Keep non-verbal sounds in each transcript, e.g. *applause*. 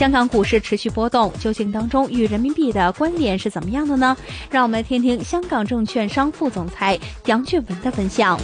香港股市持續波動，究竟當中與人民幣的關聯是怎麼樣的呢？讓我們來聽聽香港證券商副總裁楊俊文的分享。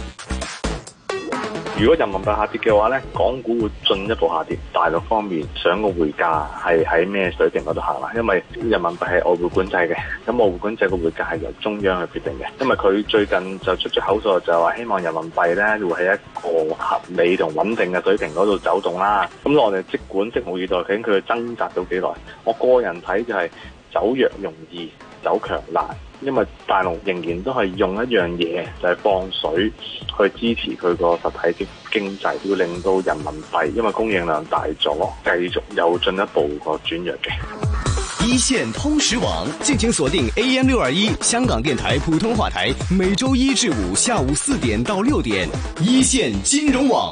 如果人民幣下跌嘅話咧，港股會進一步下跌。大陸方面，想個匯價係喺咩水平嗰度行啦？因為人民幣係外匯管制嘅，咁外匯管制嘅匯價係由中央去決定嘅。因為佢最近就出咗口術，就話希望人民幣咧會喺一個合理同穩定嘅水平嗰度走動啦。咁我哋即管拭目以待，睇佢掙扎到幾耐。我個人睇就係走弱容易，走強難。因為大陸仍然都係用一樣嘢，就係、是、放水去支持佢個實體經濟，要令到人民幣，因為供應量大咗，繼續有進一步個轉弱嘅。一線通識網，敬請鎖定 AM 六二一香港電台普通話台，每周一至五下午四點到六點，一線金融網。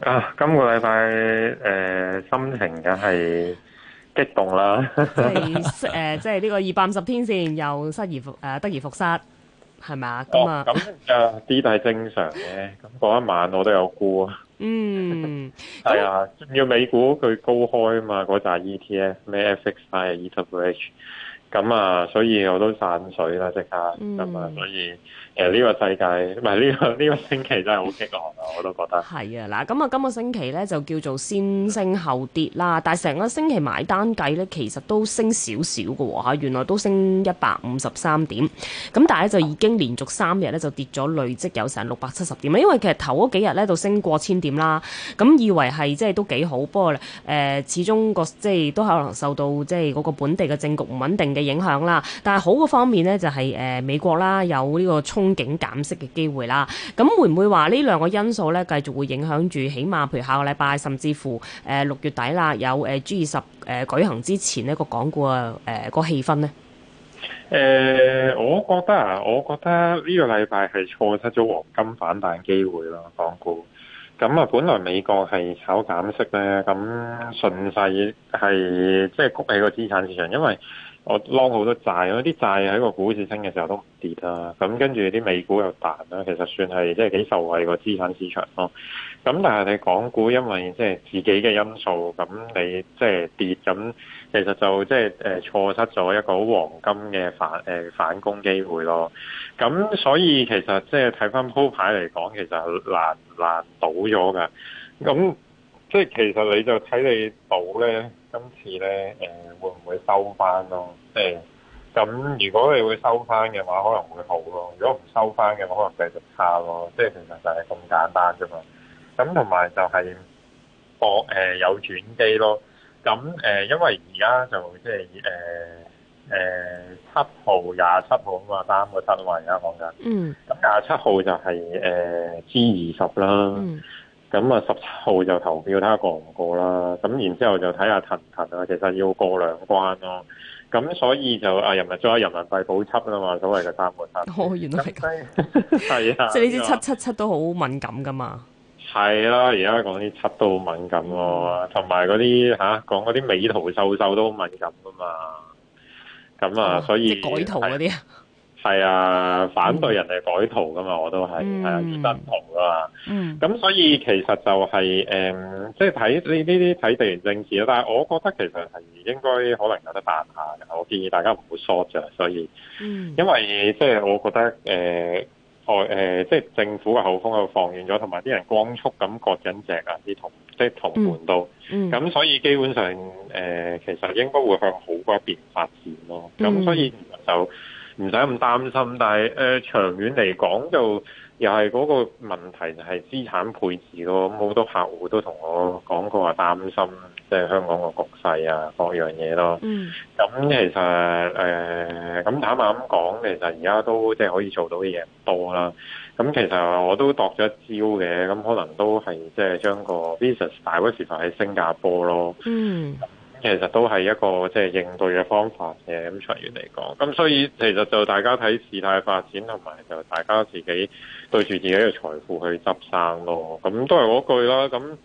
啊，今個禮拜誒、呃，心情梗係激動啦，即係誒，即係呢個二百五十天線又失而復誒，得而復失，係咪？咁啊，咁啊，啲都係正常嘅。咁嗰一晚我都有估啊。嗯，係啊，仲要美股佢高開啊嘛，嗰紮、啊、E T F 咩 F X I E W H，咁啊，所以我都散水啦，即刻，咁啊、嗯嗯，所以。其實呢個世界唔係呢個呢個個星期真係好激昂啊！我都覺得係啊嗱，咁啊今個星期呢，就叫做先升後跌啦。但係成個星期買單計呢，其實都升少少噶吓，原來都升一百五十三點。咁但係就已經連續三日呢，就跌咗累積有成六百七十點。因為其實頭嗰幾日呢，就升過千點啦，咁以為係即係都幾好。不過誒，始終個即係都係可能受到即係嗰個本地嘅政局唔穩定嘅影響啦。但係好嘅方面呢，就係誒美國啦有呢個衝。景減息嘅機會啦，咁會唔會話呢兩個因素咧，繼續會影響住？起碼譬如下個禮拜，甚至乎誒六月底啦，有誒 G 二十誒舉行之前呢個港股啊誒個氣氛咧？誒，我覺得啊，我覺得呢個禮拜係錯失咗黃金反彈機會咯，港股。咁啊，本來美國係炒減息咧，咁順勢係即係谷起個資產市場，因為我攞好多債，咁啲債喺個股市升嘅時候都唔跌啦，咁跟住啲美股又彈啦，其實算係即係幾受惠個資產市場咯。咁但係你港股因為即係、就是、自己嘅因素，咁你即係、就是、跌咁。其實就即係誒錯失咗一個好黃金嘅反誒、呃、反攻機會咯。咁、嗯、所以其實即係睇翻鋪牌嚟講，其實難難倒咗㗎。咁即係其實你就睇你賭咧，今次咧誒、嗯、會唔會收翻咯？即係咁，如果你會收翻嘅話，可能會好咯；如果唔收翻嘅話，可能繼續差咯。即係其實就係、是、咁簡單啫嘛。咁同埋就係博誒有轉機咯。咁誒，嗯、因為而家就即係誒誒七號廿七號啊嘛，三個七啊嘛，而家講緊。嗯。咁廿七號就係、是、誒、呃、G 二十啦。嗯。咁啊、嗯，十七號就投票睇下過唔過啦。咁然之後就睇下騰唔騰啊。其實要過兩關咯。咁所以就啊人，人民再人民幣補七啦嘛，所謂嘅三,三個七。哦， *laughs* 原來係咁。係 *laughs* 啊 *laughs* *laughs* 對。即係呢啲七七七都好敏感㗎嘛。係啦，而家講啲七都好敏感咯，哦，同埋嗰啲吓講嗰啲美圖秀秀都敏感噶嘛。咁啊，所以、啊、改圖嗰啲係啊，反對人哋改圖噶嘛，我都係係啊，唔得、嗯、圖噶嘛。咁、嗯、所以其實就係、是、誒，即係睇呢呢啲睇地緣政治咯。但係我覺得其實係應該可能有得彈下，我建議大家唔好 short 住，所以、嗯嗯、因為即係、就是、我覺得誒。呃哦，呃、即係政府嘅口風又放軟咗，啊、同埋啲人光速咁割緊隻啊啲銅，即係同盤刀，咁、嗯嗯、所以基本上誒、呃，其實應該會向好嗰一邊發展咯，咁所以就唔使咁擔心，但係誒、呃、長遠嚟講就。又係嗰個問題就係資產配置咯，咁好多客戶都同我講過話擔心，即係香港個局勢啊，各樣嘢咯。嗯、mm。咁、hmm. 其實誒，咁、呃、坦白咁講，其實而家都即係可以做到嘅嘢唔多啦。咁其實我都度咗一招嘅，咁可能都係即係將個 Visa 大威視喺新加坡咯。嗯、mm。Hmm. 其實都係一個即係應對嘅方法嘅，咁長遠嚟講，咁所以其實就大家睇事態發展，同埋就大家自己對住自己嘅財富去執生咯。咁都係嗰句啦。咁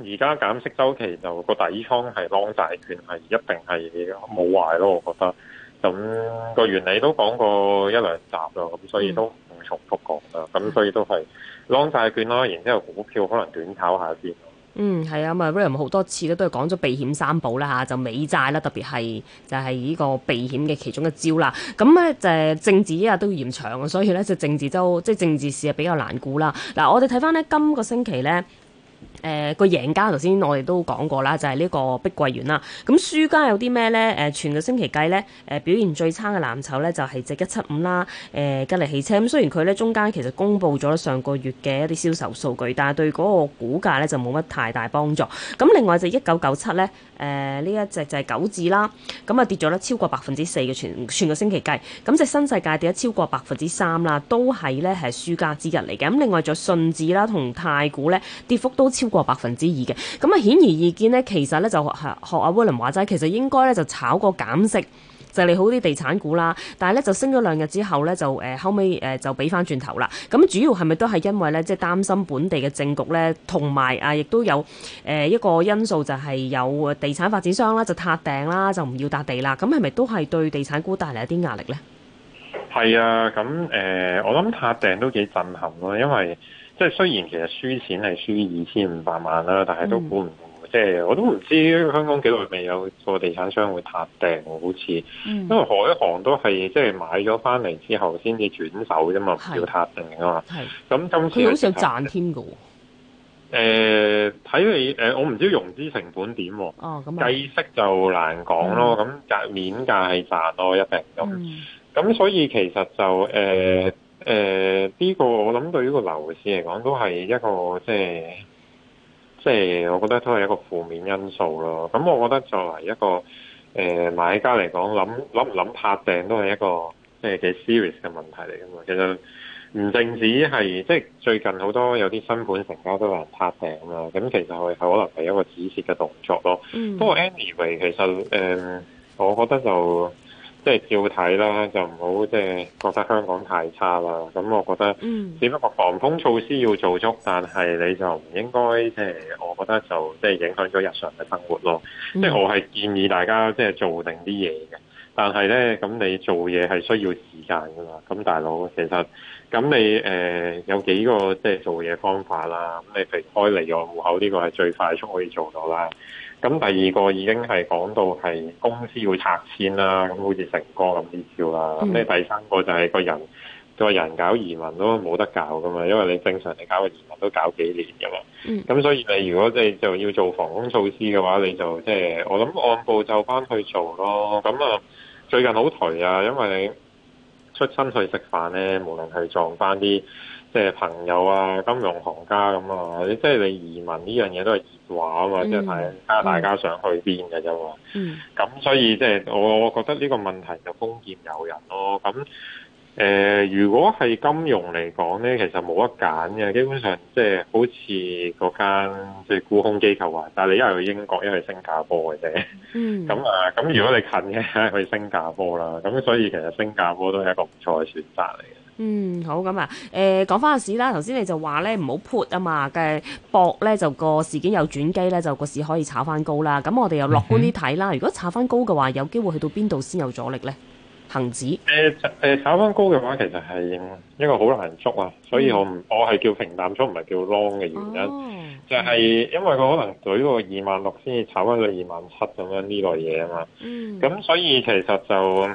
而家減息周期就個底倉係 long 債券係一定係冇壞咯，我覺得。咁個原理都講過一兩集咯，咁所以都唔重複講啦。咁所以都係 long 債券啦，然之後股票可能短炒下先。嗯，係啊，咪 William、um、好多次咧，都係講咗避險三寶啦吓，就美債啦，特別係就係、是、呢個避險嘅其中一招啦。咁咧就政治一日都嫌長，所以咧就政治周即係政治事啊，比較難估啦。嗱，我哋睇翻咧今個星期咧。誒、呃，個贏家頭先我哋都講過啦，就係、是、呢個碧桂園啦。咁輸家有啲咩呢？誒、呃，全個星期計呢，誒、呃，表現最差嘅藍籌呢，就係、是、隻一七五啦。誒，吉利汽車咁、嗯，雖然佢呢中間其實公布咗上個月嘅一啲銷售數據，但係對嗰個股價呢，就冇乜太大幫助。咁另外就一九九七呢。誒呢、呃、一隻就係九置啦，咁啊，跌咗咧超過百分之四嘅，全全個星期計，咁隻新世界跌咗超過百分之三啦，都係咧係輸家之日嚟嘅。咁另外就信置啦同太古咧跌幅都超過百分之二嘅，咁啊顯而易見咧，其實咧就學學阿威廉話齋，其實應該咧就炒過減息。就利好啲地產股啦，但係咧就升咗兩日之後咧就誒、呃、後尾誒、呃、就俾翻轉頭啦。咁主要係咪都係因為咧即係擔心本地嘅政局咧，同埋啊亦都有誒、呃、一個因素就係有地產發展商啦就塌訂啦，就唔要搭地啦。咁係咪都係對地產股帶嚟一啲壓力咧？係啊，咁誒、呃、我諗塌訂都幾震撼咯，因為即係雖然其實輸錢係輸二千五百萬啦，但係都估唔到、嗯。即係我都唔知香港幾耐未有個地產商會撻訂喎，好似，因為海航都係即係買咗翻嚟之後先至轉手啫嘛，唔叫撻訂啊嘛。係，咁今次佢好似有賺添嘅喎。睇、 *noise* 嗯、你，誒、嗯，我唔知融資成本點喎、啊。哦，咁計息就難講咯。咁價、啊、面價係賺多、啊、一啲咁。咁、嗯嗯、所以其實就誒誒呢個我諗對呢個樓市嚟講都係一個即係。即係，我覺得都係一個負面因素咯。咁，我覺得作為一個誒、呃、買家嚟講，諗諗唔諗拍定都係一個誒嘅、就是、幾 serious 嘅問題嚟噶嘛。其實唔淨止係，即、就、係、是、最近好多有啲新盤成交都有人拍定啊。咁其實係可能係一個指示嘅動作咯。不過、mm. anyway，其實誒、呃，我覺得就。即係照睇啦，就唔好即係覺得香港太差啦。咁我覺得，嗯，只不過防風措施要做足，但係你就唔應該即係，就是、我覺得就即係、就是、影響咗日常嘅生活咯。即係、嗯、我係建議大家即係、就是、做定啲嘢嘅，但係咧咁你做嘢係需要時間㗎嘛。咁大佬其實咁你誒、呃、有幾個即係、就是、做嘢方法啦。咁你譬如開離岸戶口呢個係最快速可以做到啦。咁第二個已經係講到係公司要拆遷啦，咁好似成哥咁啲咁啦。咁你、嗯、第三個就係個人，個人搞移民都冇得搞噶嘛，因為你正常你搞個移民都搞幾年噶嘛。咁、嗯、所以你如果即係就要做防空措施嘅話，你就即、就、係、是、我諗按部就班去做咯。咁啊，最近好頹啊，因為你出親去食飯咧，無論係撞翻啲。即係朋友啊，金融行家咁啊，即係你移民呢樣嘢都係熱話啊嘛，即係睇睇大家想去邊嘅啫嘛。咁、嗯、所以即係我我覺得呢個問題就封建誘人咯。咁誒、呃，如果係金融嚟講咧，其實冇得揀嘅，基本上即係好似嗰間即係沽空機構話、啊，但係你一係去英國，一係去新加坡嘅啫。咁啊、嗯，咁 *laughs* 如果你近嘅， *laughs* 去新加坡啦。咁所以其實新加坡都係一個唔錯嘅選擇嚟嘅。嗯，好，咁、嗯、啊，誒、嗯，講翻個市啦。頭先你就話咧唔好 put 啊嘛，嘅搏咧就個事件有轉機咧，就個市，就市可以炒翻高啦。咁我哋又樂觀啲睇啦。如果炒翻高嘅話，有機會去到邊度先有阻力咧？恒指誒誒，炒翻、嗯啊、高嘅話，其實係一個好難捉啊。所以我唔我係叫平淡捉，唔係叫 long 嘅原因，哦、就係因為佢可能懟個二萬六先至炒翻到二萬七咁樣呢個嘢啊嘛。咁、嗯、所以其實就。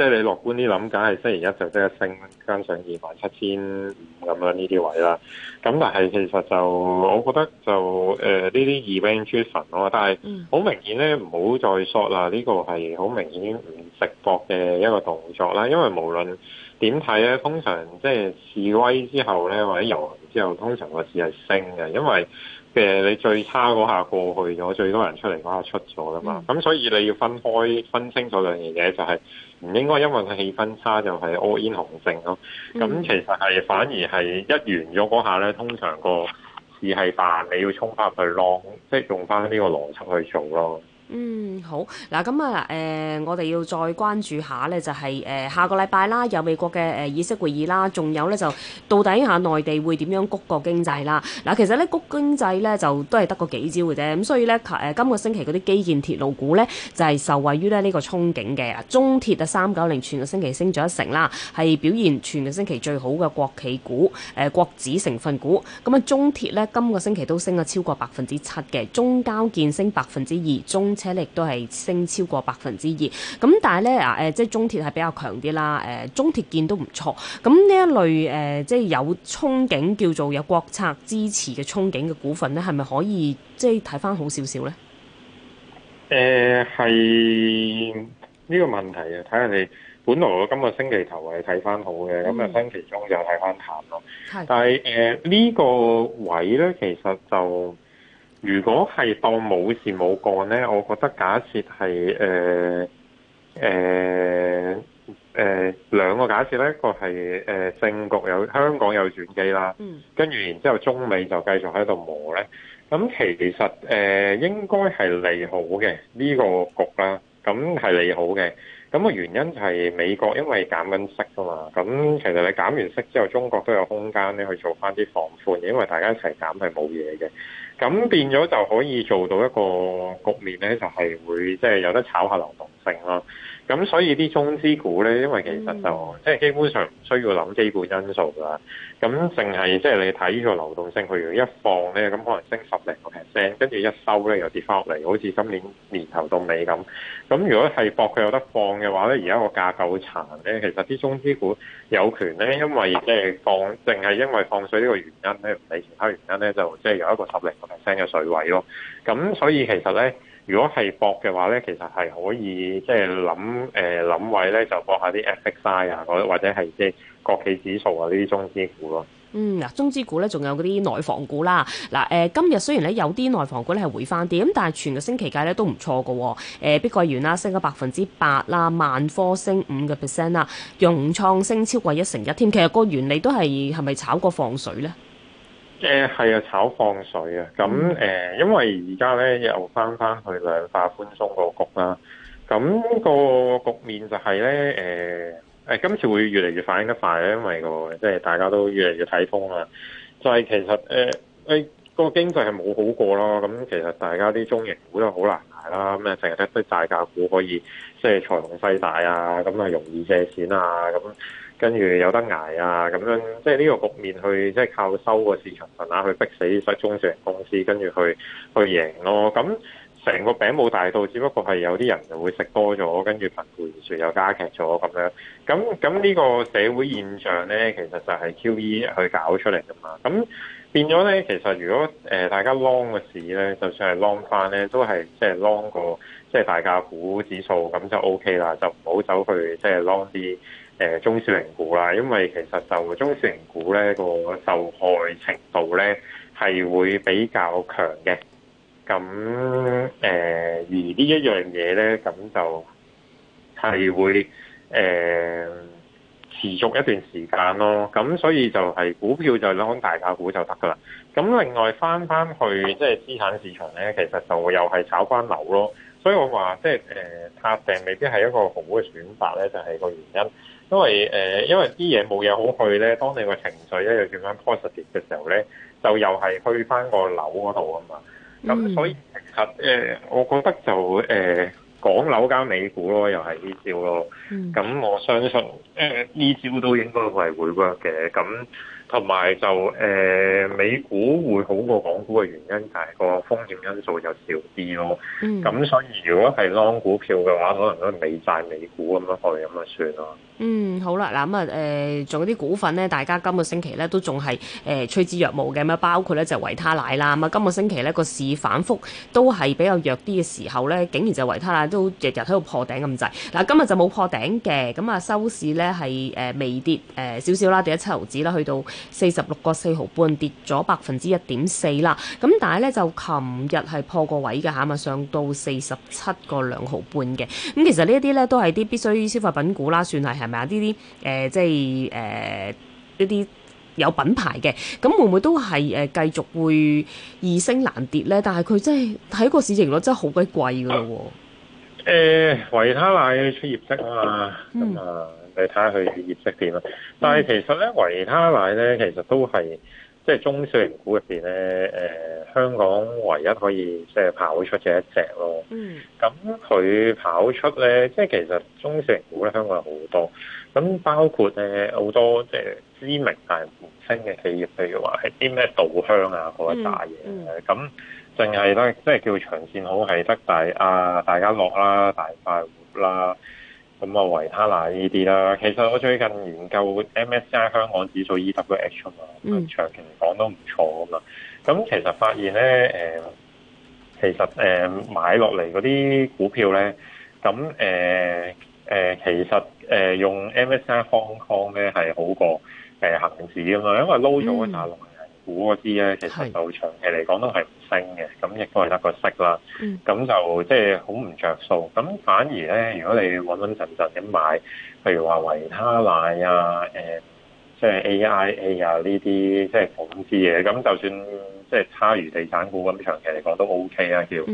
即係你樂觀啲諗，梗係即係星期一就即刻升，跟上二萬七千五咁樣呢啲位啦。咁但係其實就我覺得就誒呢啲 eventuation 咯，但係好明顯咧，唔好再 short 啦。呢個係好明顯唔值博嘅一個動作啦。因為無論點睇咧，通常即係示威之後咧，或者遊行之後，通常個市係升嘅，因為。嘅你最差嗰下過去咗，最多人出嚟嗰下出咗啦嘛，咁、mm hmm. 所以你要分開，分清楚兩樣嘢，就係、是、唔應該因為佢氣氛差就係 all in 雄盛咯。咁其實係、mm hmm. 反而係一完咗嗰下咧，通常個事係大，你要衝翻去浪，即、就、係、是、用翻呢個邏輯去做咯。嗯，好嗱，咁啊，誒，我哋要再關注下呢，就係誒下個禮拜啦，有美國嘅誒議息會議啦，仲有呢，就到底下內地會點樣谷過經濟啦？嗱，其實呢，谷經濟呢，就都係得個幾招嘅啫。咁所以呢，誒今個星期嗰啲基建鐵路股呢，就係受惠於咧呢個憧憬嘅，中鐵啊三九零全個星期升咗一成啦，係表現全個星期最好嘅國企股誒國指成分股。咁啊中鐵呢，今個星期都升咗超過百分之七嘅，中交建升百分之二，中車力都係升超過百分之二，咁、嗯、但係咧啊誒，即係中鐵係比較強啲啦。誒、呃，中鐵建都唔錯，咁呢一類誒、呃，即係有憧憬叫做有國策支持嘅憧憬嘅股份咧，係咪可以即係睇翻好少少咧？誒、呃，係呢個問題啊！睇下你本來我今個星期頭係睇翻好嘅，咁啊、嗯、星期中就睇翻淡咯。係的，但係誒呢個位咧，其實就～如果係當冇事冇幹呢，我覺得假設係誒誒誒兩個假設呢，一個係誒、呃、政局有香港有轉機啦，嗯、跟住然之後中美就繼續喺度磨呢，咁其實誒、呃、應該係利好嘅呢、呢個局啦，咁係利好嘅。咁個原因係美國因為減緊息㗎嘛，咁其實你減完息之後，中國都有空間咧去做翻啲放寬，因為大家一齊減係冇嘢嘅，咁變咗就可以做到一個局面咧，就係、是、會即係、就是、有得炒下流動性咯。咁所以啲中資股咧，因為其實就即係基本上唔需要諗基本因素啦。咁淨係即係你睇呢個流動性，佢一放咧，咁可能升十零個 percent，跟住一收咧又跌翻落嚟，好似今年年頭到尾咁。咁如果係博佢有得放嘅話咧，而家個價夠殘咧，其實啲中資股有權咧，因為即係放，淨係因為放水呢個原因咧，唔理其他原因咧，就即係有一個十零個 percent 嘅水位咯。咁所以其實咧。如果係博嘅話咧，其實係可以即係諗誒諗位咧，就博下啲 FXI 啊，或者或者係即係國企指數啊呢啲中資股咯、啊。嗯，嗱，中資股咧，仲有嗰啲內房股啦。嗱，誒，今日雖然咧有啲內房股咧係回翻啲，咁但係全個星期計咧都唔錯嘅、哦。誒、呃，碧桂園啦，升咗百分之八啦，萬科升五個 percent 啦，融、啊、創升超過一成一添。其實個原理都係係咪炒過放水咧？誒係啊，炒放水啊，咁誒，因為而家咧又翻翻去量化寬鬆個局啦，咁個局面就係咧誒誒，今次會越嚟越反應得快咧，因為個即係大家都越嚟越睇風啊，就係、是、其實誒誒個經濟係冇好過咯，咁其實大家啲中型股都好難捱啦，咁啊成日睇啲債價股可以即係財雄勢大啊，咁啊容易借錢啊咁。跟住有得捱啊，咁樣即係呢個局面去，即係靠收個市場份額、啊、去逼死啲中小型公司，跟住去去贏咯、啊。咁成個餅冇大到，只不過係有啲人就會食多咗，跟住貧富懸殊又加劇咗咁樣。咁咁呢個社會現象咧，其實就係 QE 去搞出嚟噶嘛。咁變咗咧，其實如果誒大家 long 嘅市咧，就算係 long 翻咧，都係即係 long 個即係大家股指數咁就 OK 啦，就唔好走去即係 long 啲。誒、呃、中小型股啦，因為其實就中小型股咧、那個受害程度咧係會比較強嘅。咁誒、呃，而呢一樣嘢咧，咁就係會誒、呃、持續一段時間咯。咁所以就係股票就攞大價股就得㗎喇。咁另外翻翻去即係資產市場咧，其實就會又係炒翻樓咯。所以我話即係誒拍定未必係一個好嘅選擇咧，就係、是、個原因。因為誒，因為啲嘢冇嘢好去咧，當你個情緒一又轉翻 positive 嘅時候咧，就又係去翻個樓嗰度啊嘛。咁、mm. 啊、所以其實誒、啊，我覺得就誒、啊、講樓加美股咯，又係呢招咯。咁、mm. 啊、我相信誒呢、啊、招都應該係會 work 嘅。咁同埋就誒、啊、美股會好過港股嘅原因就係個風險因素就少啲咯。咁、mm. 啊、所以如果係 long 股票嘅話，可能都係美債、美股咁樣去咁啊算咯。嗯，好啦，嗱咁啊，誒，仲有啲股份呢，大家今個星期呢都仲係誒趨之若鶩嘅，咁啊，包括呢，就維他奶啦，咁啊，今個星期呢個市反覆都係比較弱啲嘅時候呢，竟然就維他奶都日日喺度破頂咁滯。嗱，今日就冇破頂嘅，咁啊，收市呢係誒微跌誒、呃、少少啦，跌咗七毫子啦，去到四十六個四毫半，跌咗百分之一點四啦。咁但係呢，就琴日係破個位嘅下咁上到四十七個兩毫半嘅。咁其實呢一啲呢都係啲必需消費品股啦，算係係。咪啊！呢啲誒，即係誒一啲有品牌嘅，咁會唔會都係誒繼續會易升難跌咧？但係佢真係睇個市盈率真係好鬼貴噶咯喎！誒、啊呃，維他奶出業績啊嘛，咁、嗯、啊，你睇下佢業績點啦。但係其實咧，嗯、維他奶咧，其實都係。即係中小型股入邊咧，誒、呃、香港唯一可以即係跑出只一隻咯。嗯，咁佢跑出咧，即係其實中小型股咧，香港有好多，咁包括咧好多即係、呃、知名大明星嘅企業，譬如話係啲咩稻香啊，或者大嘢咁淨係咧即係叫長線好係得大，但係啊大家樂啦，大快活啦。咁啊維他奶呢啲啦，其實我最近研究 MSCI 香港指數 EWH 啊嘛，嗯、長期嚟講都唔錯啊嘛。咁其實發現咧，誒，其實誒買落嚟嗰啲股票咧，咁誒誒，其實誒用 MSCI Hong Kong 咧係好過誒恆指啊嘛，因為撈咗啊嘛，大陸。股嗰啲咧，其實就長期嚟講都係唔升嘅，咁亦的都係得個息啦。咁、嗯、就即係好唔着數。咁反而咧，如果你穩穩陣陣咁買，譬如話維他奶啊、誒、呃、即係、就是、AIA 啊呢啲即係股份嘢。咁、就是、就算即係、就是、差於地產股咁，長期嚟講都 O K 啦叫。咁、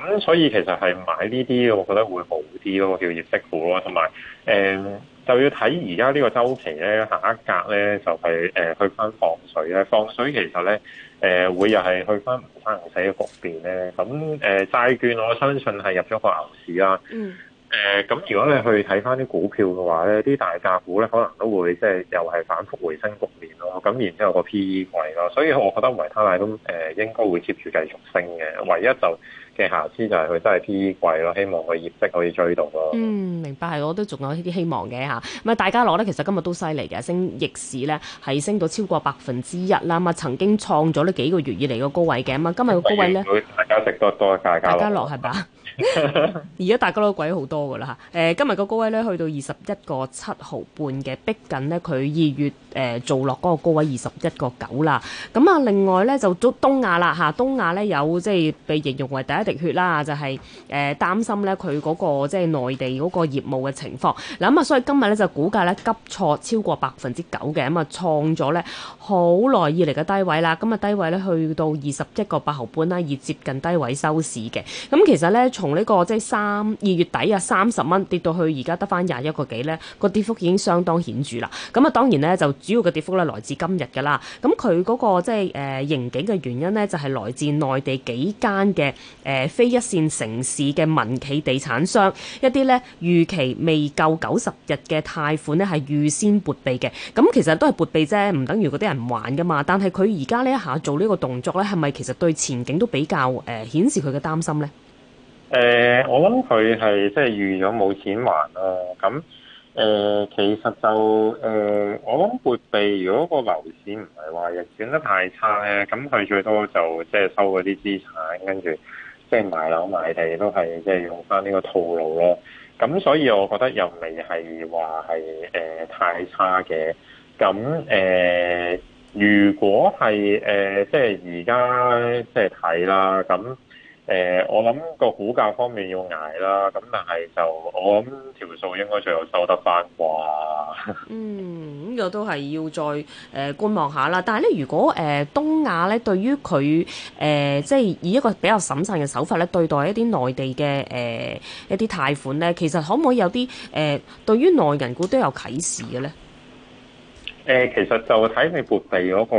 嗯、所以其實係買呢啲，我覺得會好啲咯，叫業績股咯，同埋誒。呃嗯就要睇而家呢個周期咧，下一格咧就係、是、誒、呃、去翻放水咧，放水其實咧誒、呃、會又係去翻唔翻牛市嘅局面咧。咁誒、呃、債券我相信係入咗個牛市啦、啊。誒咁、嗯呃、如果你去睇翻啲股票嘅話咧，啲大價股咧可能都會即、就、係、是、又係反覆回升局面咯。咁然之後個 P E 位咯，所以我覺得維他奶都誒應該會接住繼續升嘅，唯一就，嘅瑕疵就係佢真係 P 貴咯，希望佢業績可以追到咯。嗯，明白，係我都仲有啲希望嘅嚇。咁啊，大家樂咧，其實今日都犀利嘅，升逆市咧，係升到超過百分之一啦嘛，曾經創咗呢幾個月以嚟嘅高位嘅啊，今日嘅高位咧，是是大家食多多，大家樂係嘛？而家大家樂貴好 *laughs* 多㗎啦嚇。誒、啊，今日嘅高位咧去到二十一個七毫半嘅，逼近呢佢二月誒、呃、做落嗰個高位二十一個九啦。咁啊，另外咧就東東亞啦嚇，東、啊、亞咧有即係被形容為第一。跌血啦，就係、是、誒、呃、擔心咧，佢嗰、那個即係內地嗰個業務嘅情況。嗱咁啊，所以今日咧就股價咧急挫超過百分之九嘅，咁啊、嗯、創咗咧好耐以嚟嘅低位啦。咁啊，低位咧去到二十一個八毫半啦，而接近低位收市嘅。咁、嗯、其實咧從呢、這個即係三二月底啊三十蚊跌到去而家得返廿一個幾咧，個跌幅已經相當顯著啦。咁、嗯、啊當然咧就主要嘅跌幅咧來自今日㗎啦。咁佢嗰個即係誒盈警嘅原因咧就係、是、來自內地幾間嘅誒。呃呃呃誒，非一線城市嘅民企地產商，一啲咧逾期未夠九十日嘅貸款咧，係預先撥備嘅。咁其實都係撥備啫，唔等於嗰啲人還噶嘛。但係佢而家呢一下做呢個動作咧，係咪其實對前景都比較誒顯、呃、示佢嘅擔心咧？誒、呃，我諗佢係即係預咗冇錢還啊。咁誒、呃，其實就誒、呃，我諗撥備如果個樓市唔係話跌得太差咧，咁佢最多就即係收嗰啲資產，跟住。即係買樓買地都係即係用翻呢個套路囉，咁所以我覺得又未係話係誒太差嘅，咁誒、呃、如果係誒、呃、即係而家即係睇啦，咁。誒、呃，我諗個股價方面要捱啦，咁但係就我諗條數應該最後收得翻啩。嗯，呢個都係要再誒、呃、觀望下啦。但係咧，如果誒、呃、東亞咧，對於佢誒即係以一個比較審慎嘅手法咧，對待一啲內地嘅誒、呃、一啲貸款咧，其實可唔可以有啲誒、呃、對於內人股都有啟示嘅咧？誒、呃，其實就睇你撥備嗰個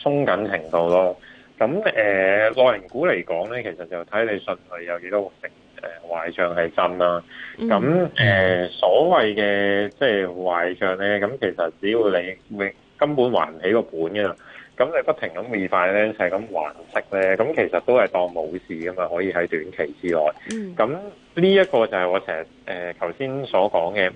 鬆緊程度咯。咁誒內銀股嚟講咧，其實就睇你信佢有幾多成誒壞帳係真啦。咁誒所謂嘅即係壞帳咧，咁其實只要你永根本還唔起個本嘅啦，咁你不停咁變快咧，就係咁還息咧，咁其實都係當冇事噶嘛，可以喺短期之內。咁呢一個就係我成日誒頭先所講嘅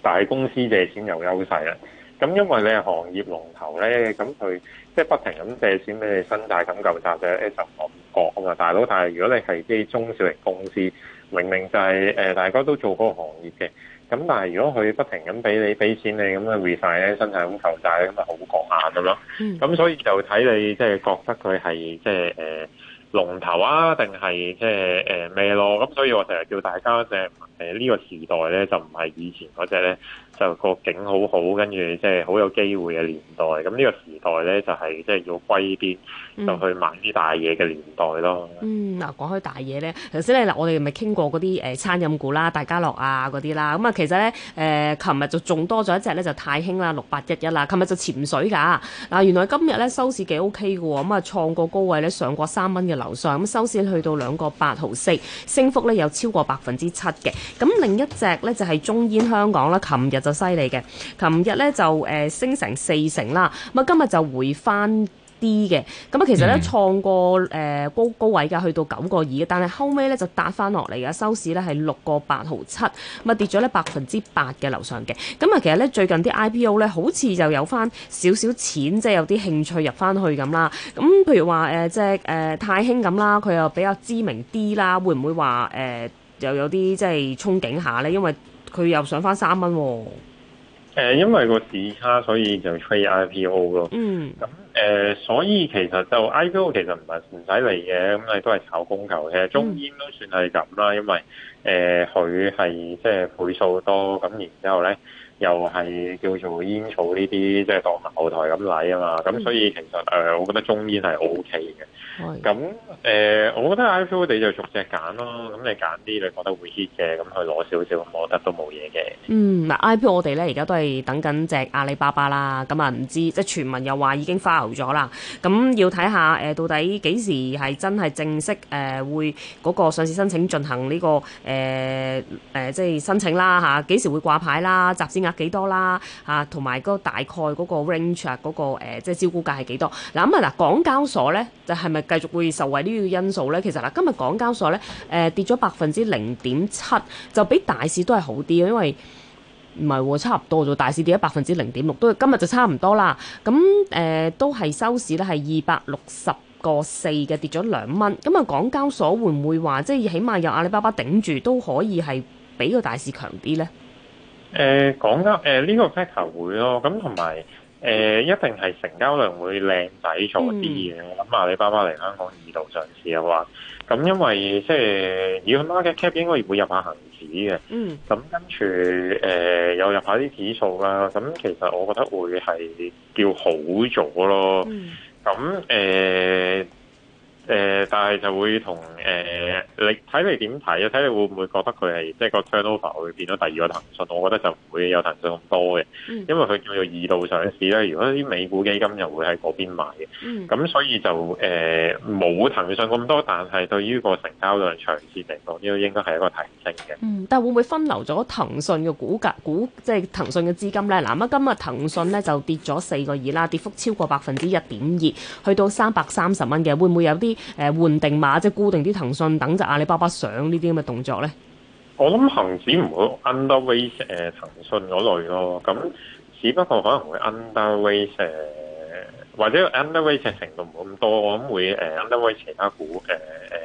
大公司借錢有優勢啦。咁因為你係行業龍頭咧，咁佢即係不停咁借錢俾你新債咁舊債嘅，就唔覺啊！大佬，但係如果你係啲中小型公司，明明就係、是、誒、呃、大家都做嗰個行業嘅，咁但係如果佢不停咁俾你俾錢你咁樣 r e f i 咧，新債咁舊債咁咪好覺眼咁樣。咁所以就睇你即係覺得佢係即係誒龍頭啊，定係即係誒咩咯？咁、呃、所以我成日叫大家即係呢個時代咧，就唔係以前嗰隻咧。就個景好好，跟住即係好有機會嘅年代。咁、這、呢個時代呢，就係即係要歸邊、嗯、就去買啲大嘢嘅年代咯。嗯，嗱，講開大嘢呢，頭先呢，嗱、呃，我哋咪傾過嗰啲誒餐飲股啦，大家樂啊嗰啲啦。咁啊，其實呢，誒、呃，琴日就仲多咗一隻呢，就太興啦，六八一一啦。琴日就潛水㗎。嗱、啊，原來今日呢，收市幾 OK 嘅喎，咁啊創個高位呢，上過三蚊嘅樓上，咁、啊、收市去到兩個八毫四，升幅呢有超過百分之七嘅。咁另一隻呢，就係、是、中煙香港啦，琴日。就犀利嘅，琴日咧就誒升成四成啦，咁啊今日就回翻啲嘅，咁啊其實咧創個誒、呃、高高位嘅，去到九個二，但係後尾咧就搭翻落嚟嘅，收市咧係六個八毫七，咁啊跌咗咧百分之八嘅樓上嘅，咁啊其實咧最近啲 IPO 咧好似就有翻少少錢，即係有啲興趣入翻去咁啦，咁譬如話誒即誒太興咁啦，佢又比較知名啲啦，會唔會話誒又有啲即係憧憬下咧？因為佢又上翻三蚊喎。誒，因為個市差，所以就吹 IPO 咯。嗯。咁誒，所以其實就 IPO 其實唔係唔使嚟嘅，咁你都係炒供求嘅。中煙都算係咁啦，因為誒佢係即係倍數多，咁然之後咧。又係叫做煙草呢啲，即係當茅台咁嚟啊嘛，咁所以其實誒，我覺得中煙係 OK 嘅。咁誒，我覺得 IPO 我哋就逐隻揀咯，咁你揀啲你覺得會 hit 嘅，咁去攞少少，我覺得都冇嘢嘅。嗯，嗱 IPO 我哋咧而家都係等緊隻阿里巴巴啦，咁啊唔知即係傳聞又話已經花牛咗啦，咁要睇下誒到底幾時係真係正式誒會嗰個上市申請進行呢個誒誒即係申請啦嚇，幾時會掛牌啦，集資額。幾多啦？嚇、啊，同埋嗰個大概嗰個 range 啊，嗰、那個、呃、即係招股價係幾多？嗱咁啊，嗱，港交所呢就係、是、咪繼續會受惠呢個因素呢？其實嗱、啊，今日港交所呢誒、呃、跌咗百分之零點七，就比大市都係好啲，因為唔係，差唔多咗，大市跌咗百分之零點六，都今日就差唔多啦。咁誒，都係收市呢係二百六十個四嘅，跌咗兩蚊。咁、嗯、啊，港交所會唔會話即係起碼有阿里巴巴頂住都可以係比個大市強啲呢？誒、呃、講緊誒呢個 factor 會咯，咁同埋誒一定係成交量會靚仔咗啲嘅。咁、嗯、阿里巴巴嚟香港二度上市又話，咁因為即係如果 market cap 應該會入下恆指嘅，嗯，咁跟住誒、呃、又入下啲指數啦。咁其實我覺得會係叫好咗咯，咁誒、嗯。誒、呃，但係就會同誒，呃、你睇你點睇啊？睇你會唔會覺得佢係即係個 turnover 會變咗第二個騰訊？我覺得就唔會有騰訊咁多嘅，因為佢叫做二度上市咧。如果啲美股基金又會喺嗰邊買嘅，咁所以就誒冇、呃、騰訊咁多，但係對於個成交量長線嚟講，呢個應該係一個提升嘅。嗯，但會唔會分流咗騰訊嘅股價股，即係騰訊嘅資金咧？嗱，啊，今日騰訊咧就跌咗四個二啦，跌幅超過百分之一點二，去到三百三十蚊嘅。會唔會有啲？誒，換、呃、定馬即係固定啲騰訊等就阿里巴巴上呢啲咁嘅動作咧。我諗恒指唔會 underway 誒騰、呃、訊嗰類咯，咁只不過可能會 underway 誒、呃，或者 underway 程度唔會咁多，咁會誒 underway 其他股誒。呃呃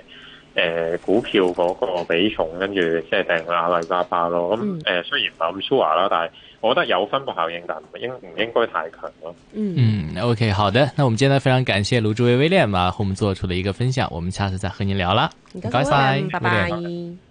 誒、呃，股票嗰個比重，跟住即係定阿阿里巴巴咯。咁、嗯、誒、嗯呃，雖然唔咁 sure 啦，但係我覺得有分佈效應，但唔應唔應該太強咯。嗯嗯，OK，好的。那我們今日非常感謝盧志威威廉啊，和我們做出的一個分享。我們下次再和您聊啦。拜拜，Goodbye 拜拜。拜拜